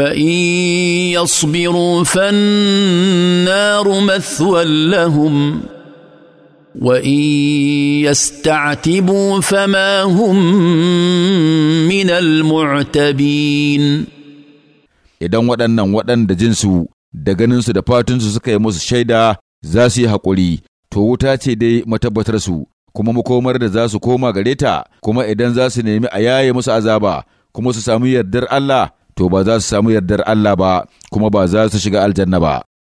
فان يصبروا فالنار مثوى لهم وان يستعتبوا فما هم من المعتبين idan waɗannan waɗanda jinsu da ganinsu da fatunsu suka yi musu shaida za su yi haƙuri to wuta ce dai matabbatarsu kuma makomar da za su koma gare ta kuma idan za su nemi a yaye musu azaba kuma su sami yardar Allah to ba za su samu yardar Allah ba kuma ba za su shiga aljanna ba